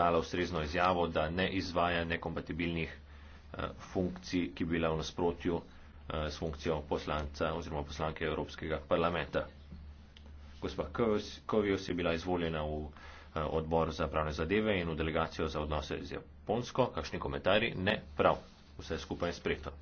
dala ustrezno izjavo, da ne izvaja nekompatibilnih eh, funkcij, ki bi bila v nasprotju eh, s funkcijo poslanca oziroma poslanke Evropskega parlamenta. Gospa Kovijos je bila izvoljena v eh, odbor za pravne zadeve in v delegacijo za odnose z Japonsko. Kakšni komentarji? Ne, prav. Vse skupaj je spreto.